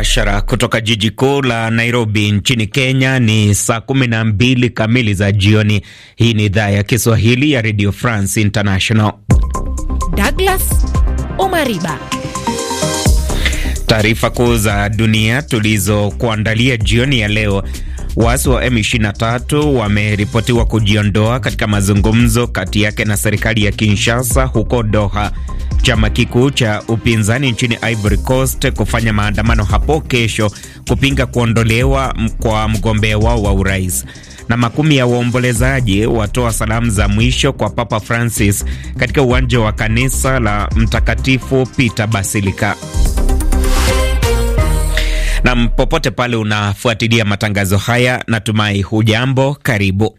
mubashara kutoka jiji kuu la Nairobi nchini Kenya. Ni saa kumi na mbili kamili za jioni. Hii ni idhaa ya Kiswahili ya Radio France International. Douglas Omariba, taarifa kuu za dunia tulizokuandalia jioni ya leo. Waasi wa M23 wameripotiwa kujiondoa katika mazungumzo kati yake na serikali ya Kinshasa huko Doha chama kikuu cha upinzani nchini Ivory Coast kufanya maandamano hapo kesho kupinga kuondolewa kwa mgombea wao wa urais. Na makumi ya waombolezaji watoa salamu za mwisho kwa Papa Francis katika uwanja wa kanisa la Mtakatifu Peter Basilica. Na popote pale unafuatilia matangazo haya, natumai hujambo, karibu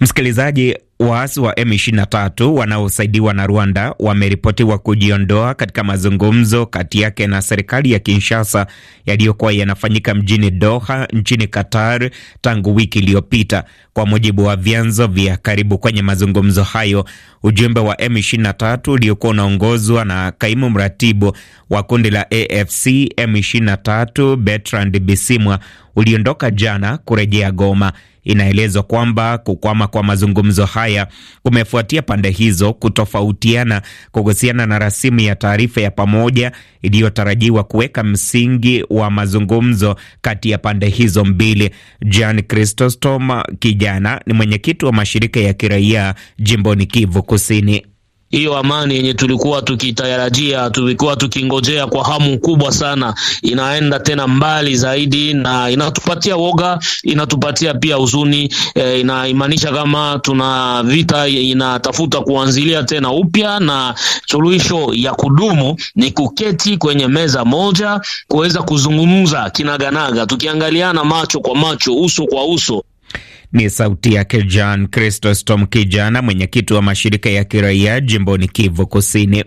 Msikilizaji, waasi wa M23 wanaosaidiwa na Rwanda wameripotiwa kujiondoa katika mazungumzo kati yake na serikali ya Kinshasa yaliyokuwa yanafanyika mjini Doha nchini Qatar tangu wiki iliyopita. Kwa mujibu wa vyanzo vya karibu kwenye mazungumzo hayo, ujumbe wa M23 uliokuwa unaongozwa na kaimu mratibu wa kundi la AFC M23 Bertrand Bisimwa uliondoka jana kurejea Goma. Inaelezwa kwamba kukwama kwa mazungumzo haya kumefuatia pande hizo kutofautiana kuhusiana na rasimu ya taarifa ya pamoja iliyotarajiwa kuweka msingi wa mazungumzo kati ya pande hizo mbili. Jan Christostom Kijana ni mwenyekiti wa mashirika ya kiraia jimboni Kivu Kusini hiyo amani yenye tulikuwa tukitarajia, tulikuwa tukingojea kwa hamu kubwa sana, inaenda tena mbali zaidi, na inatupatia woga, inatupatia pia huzuni e, inaimaanisha kama tuna vita inatafuta kuanzilia tena upya, na suluhisho ya kudumu ni kuketi kwenye meza moja, kuweza kuzungumza kinaganaga, tukiangaliana macho kwa macho, uso kwa uso. Ni sauti yake John Chrysostom Kijana, mwenyekiti wa mashirika ya kiraia jimboni Kivu Kusini.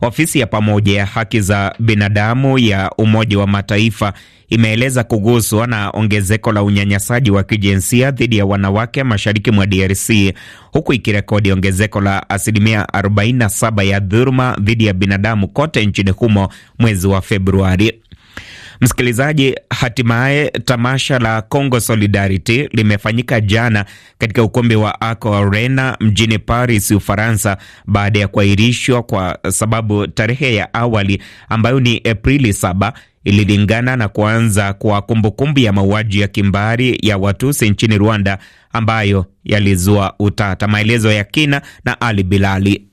Ofisi ya pamoja ya haki za binadamu ya Umoja wa Mataifa imeeleza kuguswa na ongezeko la unyanyasaji wa kijinsia dhidi ya wanawake mashariki mwa DRC huku ikirekodi ongezeko la asilimia 47 ya dhuruma dhidi ya binadamu kote nchini humo mwezi wa Februari. Msikilizaji, hatimaye tamasha la Congo Solidarity limefanyika jana katika ukombe wa ACO Arena mjini Paris, Ufaransa, baada ya kuahirishwa kwa sababu tarehe ya awali ambayo ni Aprili saba ililingana na kuanza kwa kumbukumbu ya mauaji ya kimbari ya Watusi nchini Rwanda ambayo yalizua utata. Maelezo ya kina na Ali Bilali.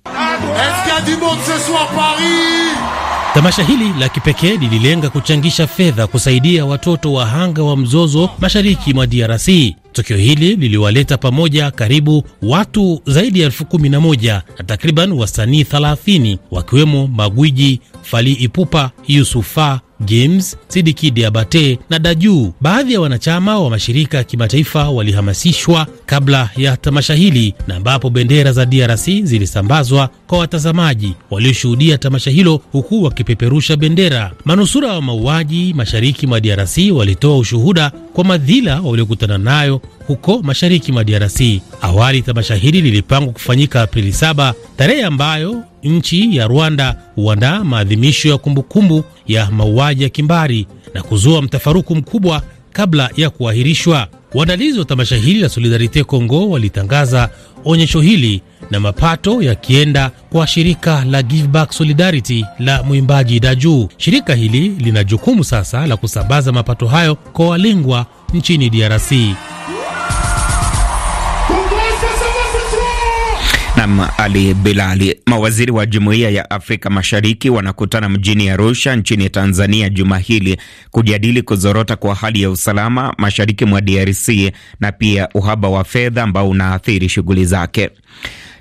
Tamasha hili la kipekee lililenga kuchangisha fedha kusaidia watoto wahanga wa mzozo mashariki mwa DRC. Tukio hili liliwaleta pamoja karibu watu zaidi ya elfu kumi na moja na takriban wasanii 30 wakiwemo magwiji fali Ipupa, Yusufa Games, Sidiki Diabate na Daju. Baadhi ya wanachama wa mashirika ya kimataifa walihamasishwa kabla ya tamasha hili na ambapo bendera za DRC zilisambazwa kwa watazamaji walioshuhudia tamasha hilo huku wakipeperusha bendera. Manusura wa mauaji mashariki mwa DRC walitoa ushuhuda kwa madhila waliokutana nayo huko mashariki mwa DRC. Awali tamasha hili lilipangwa kufanyika Aprili 7 tarehe ambayo nchi ya Rwanda huandaa maadhimisho ya kumbukumbu ya mauaji ya kimbari na kuzua mtafaruku mkubwa kabla ya kuahirishwa. Waandalizi wa tamasha hili la Solidarite Congo walitangaza onyesho hili na mapato yakienda kwa shirika la Give Back Solidarity la mwimbaji Daju. Shirika hili lina jukumu sasa la kusambaza mapato hayo kwa walengwa nchini DRC. Nam Ali Bilali. Mawaziri wa Jumuiya ya Afrika Mashariki wanakutana mjini Arusha nchini Tanzania juma hili kujadili kuzorota kwa hali ya usalama mashariki mwa DRC na pia uhaba wa fedha ambao unaathiri shughuli zake.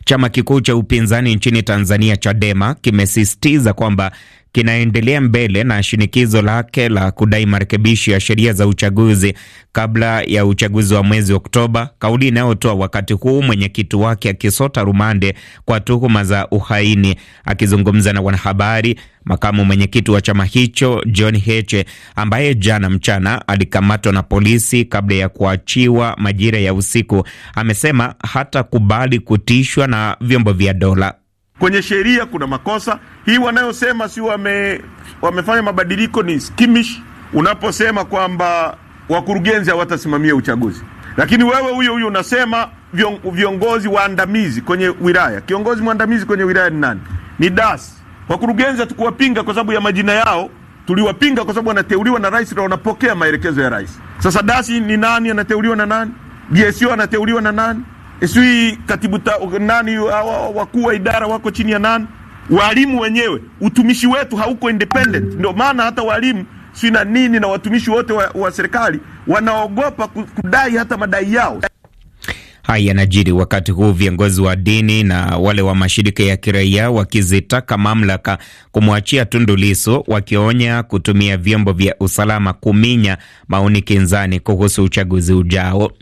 Chama kikuu cha upinzani nchini Tanzania, Chadema, kimesisitiza kwamba kinaendelea mbele na shinikizo lake la kudai marekebisho ya sheria za uchaguzi kabla ya uchaguzi wa mwezi Oktoba, kauli inayotoa wakati huu mwenyekiti wake akisota rumande kwa tuhuma za uhaini. Akizungumza na wanahabari, makamu mwenyekiti wa chama hicho John Heche, ambaye jana mchana alikamatwa na polisi kabla ya kuachiwa majira ya usiku, amesema hatakubali kutishwa na vyombo vya dola. Kwenye sheria kuna makosa hii wanayosema, si wame, wamefanya mabadiliko ni skimish, unaposema kwamba wakurugenzi hawatasimamia uchaguzi, lakini wewe huyo huyo unasema viongozi waandamizi kwenye wilaya. Kiongozi mwandamizi kwenye wilaya ni nani? Ni DAS. Wakurugenzi hatukuwapinga kwa sababu ya majina yao, tuliwapinga kwa sababu wanateuliwa na rais na wanapokea maelekezo ya rais. Sasa dasi ni nani? Anateuliwa na nani? GSO anateuliwa na nani? sijui katibu nani, wakuu wa idara wako chini ya nani, walimu wenyewe. Utumishi wetu hauko independent, ndio maana hata walimu si na nini na watumishi wote wa, wa serikali wanaogopa kudai hata madai yao. Haya yanajiri wakati huu viongozi wa dini na wale wa mashirika ya kiraia wakizitaka mamlaka kumwachia Tundu Lissu, wakionya kutumia vyombo vya usalama kuminya maoni kinzani kuhusu uchaguzi ujao.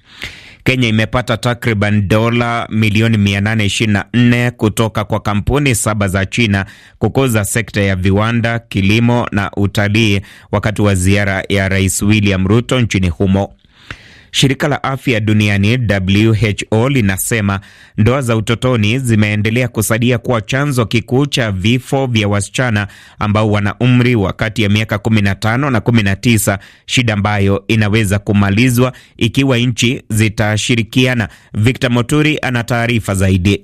Kenya imepata takriban dola milioni 824 kutoka kwa kampuni saba za China kukuza sekta ya viwanda, kilimo na utalii wakati wa ziara ya Rais William Ruto nchini humo. Shirika la afya duniani WHO linasema ndoa za utotoni zimeendelea kusadia kuwa chanzo kikuu cha vifo vya wasichana ambao wana umri wa kati ya miaka 15 na 19, shida ambayo inaweza kumalizwa ikiwa nchi zitashirikiana. Victor Moturi ana taarifa zaidi.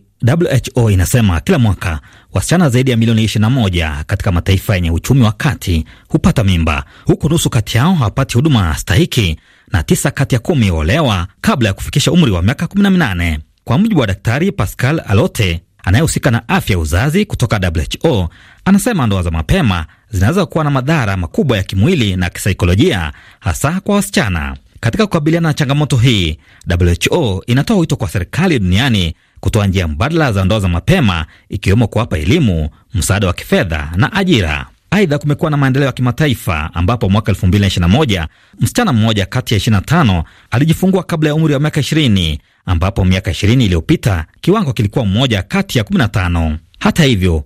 WHO inasema kila mwaka wasichana zaidi ya milioni 21 katika mataifa yenye uchumi wa kati hupata mimba, huku nusu kati yao hawapati huduma stahiki na tisa kati ya kumi waolewa kabla ya kufikisha umri wa miaka 18 kwa mujibu wa Daktari Pascal Alote anayehusika na afya ya uzazi kutoka WHO anasema ndoa za mapema zinaweza kuwa na madhara makubwa ya kimwili na kisaikolojia, hasa kwa wasichana. Katika kukabiliana na changamoto hii, WHO inatoa wito kwa serikali duniani kutoa njia mbadala za ndoa za mapema, ikiwemo kuwapa elimu, msaada wa kifedha na ajira. Aidha, kumekuwa na maendeleo ya kimataifa ambapo mwaka 2021 msichana mmoja kati ya 25 alijifungua kabla ya umri wa miaka 20, ambapo miaka 20 iliyopita kiwango kilikuwa mmoja kati ya 15. Hata hivyo,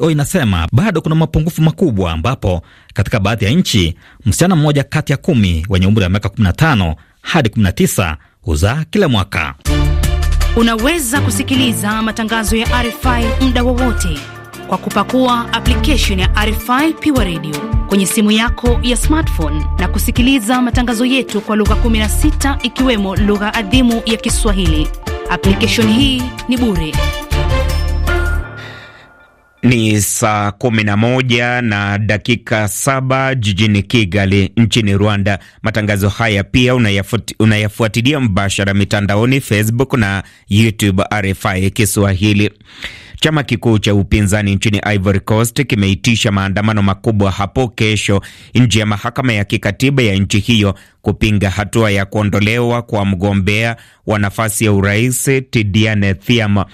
WHO inasema bado kuna mapungufu makubwa, ambapo katika baadhi ya nchi msichana mmoja kati ya kumi wenye umri wa miaka 15 hadi 19 huzaa kila mwaka. Unaweza kusikiliza matangazo ya RFI muda wowote kwa kupakua application ya RFI Pure Radio kwenye simu yako ya smartphone na kusikiliza matangazo yetu kwa lugha 16 ikiwemo lugha adhimu ya Kiswahili. Application hii ni bure. Ni saa 11 na dakika saba jijini Kigali nchini Rwanda. Matangazo haya pia unayafuatilia mbashara mitandaoni Facebook na YouTube RFI Kiswahili. Chama kikuu cha upinzani nchini Ivory Coast kimeitisha maandamano makubwa hapo kesho nje ya mahakama ya kikatiba ya nchi hiyo kupinga hatua ya kuondolewa kwa mgombea wa nafasi ya urais Tidiane Thiam.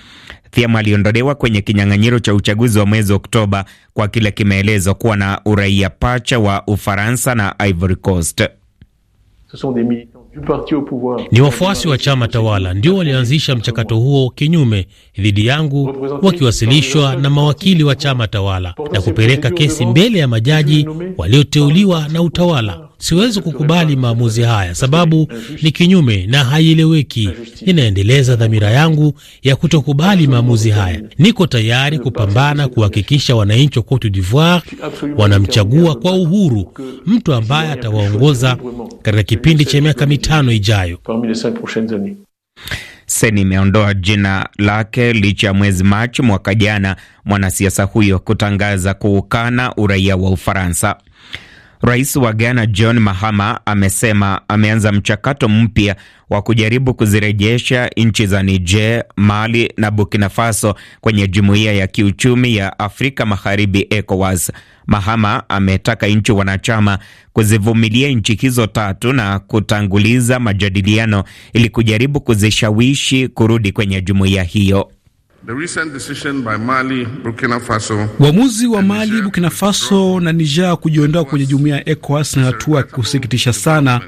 Thiam aliondolewa kwenye kinyang'anyiro cha uchaguzi wa mwezi Oktoba kwa kile kimeelezwa kuwa na uraia pacha wa Ufaransa na Ivory Coast ce sont des militants du parti au pouvoir. Ni wafuasi wa chama tawala ndio walianzisha mchakato huo kinyume dhidi yangu, wakiwasilishwa na mawakili wa chama tawala na kupeleka kesi mbele ya majaji walioteuliwa na utawala. Siwezi kukubali maamuzi haya, sababu ni kinyume na haieleweki. Ninaendeleza dhamira yangu ya kutokubali maamuzi haya. Niko tayari kupambana kuhakikisha wananchi wa Cote d'Ivoire wanamchagua kwa uhuru mtu ambaye atawaongoza katika kipindi cha miaka mitano ijayo. Seni imeondoa jina lake licha ya mwezi Machi mwaka jana mwanasiasa huyo kutangaza kuukana uraia wa Ufaransa. Rais wa Ghana John Mahama amesema ameanza mchakato mpya wa kujaribu kuzirejesha nchi za Niger, Mali na Burkina Faso kwenye jumuiya ya kiuchumi ya Afrika Magharibi, ECOWAS. Mahama ametaka nchi wanachama kuzivumilia nchi hizo tatu na kutanguliza majadiliano ili kujaribu kuzishawishi kurudi kwenye jumuiya hiyo uamuzi wa Mali, Burkina Faso na Niger kujiondoa kwenye jumuiya ya ECOWAS ni hatua ya kusikitisha sana.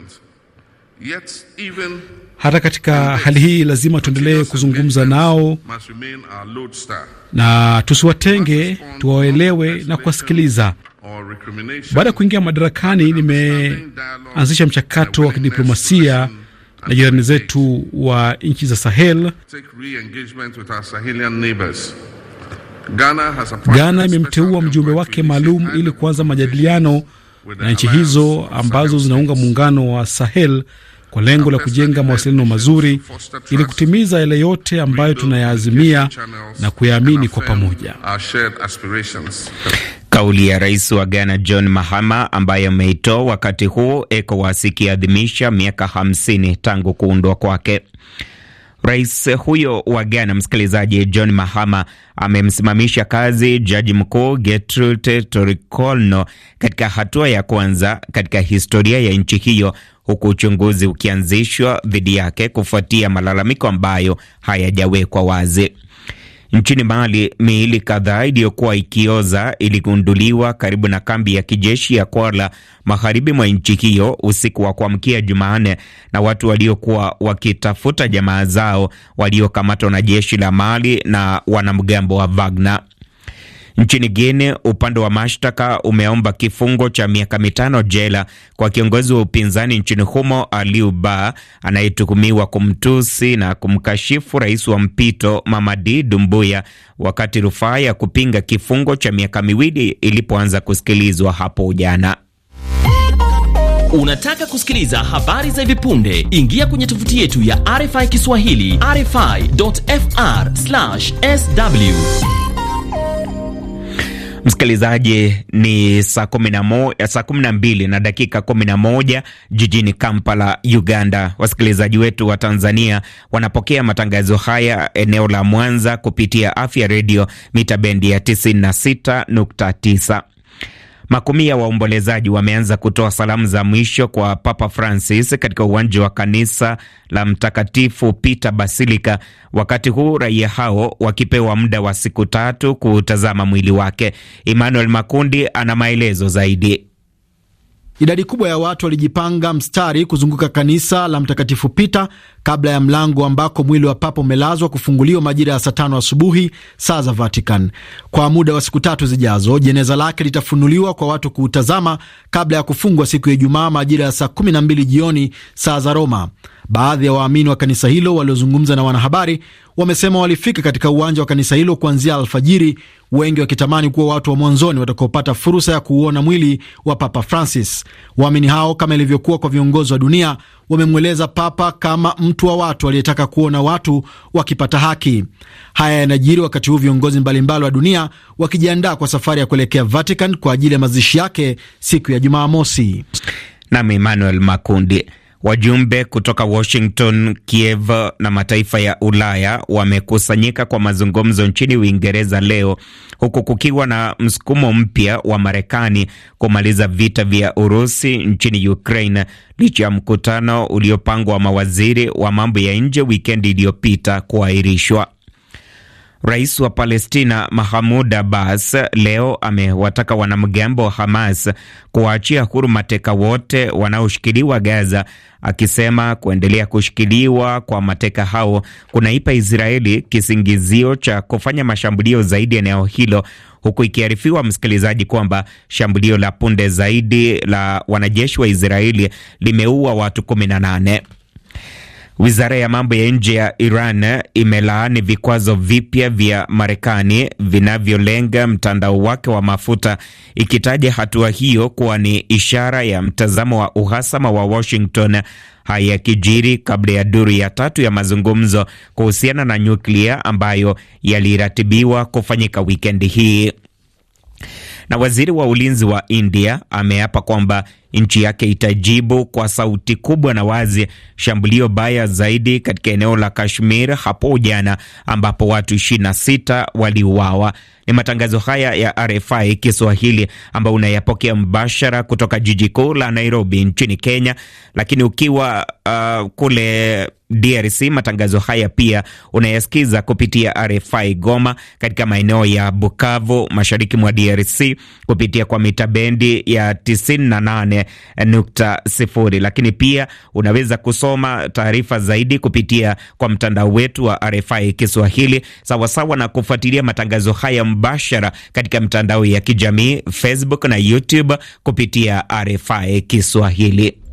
Hata katika hali hii lazima tuendelee kuzungumza nao na tusiwatenge, tuwaelewe na kuwasikiliza. Baada ya kuingia madarakani, nimeanzisha mchakato wa kidiplomasia na jirani zetu wa nchi za Sahel. Ghana imemteua mjumbe wake maalum ili kuanza majadiliano na nchi hizo ambazo zinaunga muungano wa Sahel kwa lengo la kujenga mawasiliano mazuri ili kutimiza yale yote ambayo tunayaazimia na kuyaamini kwa pamoja. Kauli ya rais wa Ghana John Mahama ambaye ameitoa wakati huu ECOWAS ikiadhimisha miaka 50 tangu kuundwa kwake. Rais huyo wa Ghana, msikilizaji, John Mahama amemsimamisha kazi jaji mkuu Gertrude torikolno katika hatua ya kwanza katika historia ya nchi hiyo, huku uchunguzi ukianzishwa dhidi yake kufuatia malalamiko ambayo hayajawekwa wazi. Nchini Mali, miili kadhaa iliyokuwa ikioza iligunduliwa karibu na kambi ya kijeshi ya Kwala magharibi mwa nchi hiyo usiku wa kuamkia Jumanne na watu waliokuwa wakitafuta jamaa zao waliokamatwa na jeshi la Mali na wanamgambo wa Wagner. Nchini Guinea, upande wa mashtaka umeomba kifungo cha miaka mitano jela kwa kiongozi wa upinzani nchini humo aliu Ba anayetuhumiwa kumtusi na kumkashifu rais wa mpito Mamadi Dumbuya wakati rufaa ya kupinga kifungo cha miaka miwili ilipoanza kusikilizwa hapo jana. Unataka kusikiliza habari za hivi punde? Ingia kwenye tovuti yetu ya RFI Kiswahili, rfi.fr/sw Msikilizaji, ni saa kumi na eh, saa kumi na mbili na dakika kumi na moja jijini Kampala, Uganda. Wasikilizaji wetu wa Tanzania wanapokea matangazo haya eneo la Mwanza kupitia Afya Redio mita bendi ya 96.9. Makumi ya waombolezaji wameanza kutoa salamu za mwisho kwa Papa Francis katika uwanja wa kanisa la Mtakatifu Peter Basilica, wakati huu raia hao wakipewa muda wa siku tatu kutazama mwili wake. Emmanuel Makundi ana maelezo zaidi. Idadi kubwa ya watu walijipanga mstari kuzunguka kanisa la Mtakatifu Pita kabla ya mlango ambako mwili wa papa umelazwa kufunguliwa majira ya saa tano asubuhi saa za Vatican. Kwa muda wa siku tatu zijazo, jeneza lake litafunuliwa kwa watu kuutazama kabla ya kufungwa siku ya Ijumaa majira ya saa 12 jioni saa za Roma. Baadhi ya waamini wa kanisa hilo waliozungumza na wanahabari wamesema walifika katika uwanja wa kanisa hilo kuanzia alfajiri, wengi wakitamani kuwa watu wa mwanzoni watakaopata fursa ya kuuona mwili wa Papa Francis. Waamini hao, kama ilivyokuwa kwa viongozi wa dunia, wamemweleza Papa kama mtu wa watu aliyetaka kuona watu wakipata haki. Haya yanajiri wakati huu viongozi mbalimbali wa dunia wakijiandaa kwa safari ya kuelekea Vatican kwa ajili ya mazishi yake siku ya Jumamosi. Nami Emmanuel Makundi. Wajumbe kutoka Washington, Kiev na mataifa ya Ulaya wamekusanyika kwa mazungumzo nchini Uingereza leo huku kukiwa na msukumo mpya wa Marekani kumaliza vita vya Urusi nchini Ukraine licha ya mkutano uliopangwa wa mawaziri wa mambo ya nje wikendi iliyopita kuahirishwa. Rais wa Palestina mahamud Abbas leo amewataka wanamgambo wa Hamas kuwaachia huru mateka wote wanaoshikiliwa Gaza, akisema kuendelea kushikiliwa kwa mateka hao kunaipa Israeli kisingizio cha kufanya mashambulio zaidi eneo hilo, huku ikiarifiwa msikilizaji, kwamba shambulio la punde zaidi la wanajeshi wa Israeli limeua watu kumi na nane Wizara ya mambo ya nje ya Iran imelaani vikwazo vipya vya Marekani vinavyolenga mtandao wake wa mafuta, ikitaja hatua hiyo kuwa ni ishara ya mtazamo wa uhasama wa Washington. Haya yakijiri kabla ya duru ya tatu ya mazungumzo kuhusiana na nyuklia ambayo yaliratibiwa kufanyika wikendi hii. Na waziri wa ulinzi wa India ameapa kwamba nchi yake itajibu kwa sauti kubwa na wazi shambulio baya zaidi katika eneo la Kashmir hapo jana, ambapo watu 26 waliuawa. Ni matangazo haya ya RFI Kiswahili ambayo unayapokea mbashara kutoka jiji kuu la Nairobi nchini Kenya, lakini ukiwa uh, kule DRC matangazo haya pia unayasikiza kupitia RFI Goma katika maeneo ya Bukavu, mashariki mwa DRC kupitia kwa mita bendi ya 98 4.0. Lakini pia unaweza kusoma taarifa zaidi kupitia kwa mtandao wetu wa RFI Kiswahili, sawasawa na kufuatilia matangazo haya mbashara katika mtandao ya kijamii Facebook na YouTube kupitia RFI Kiswahili.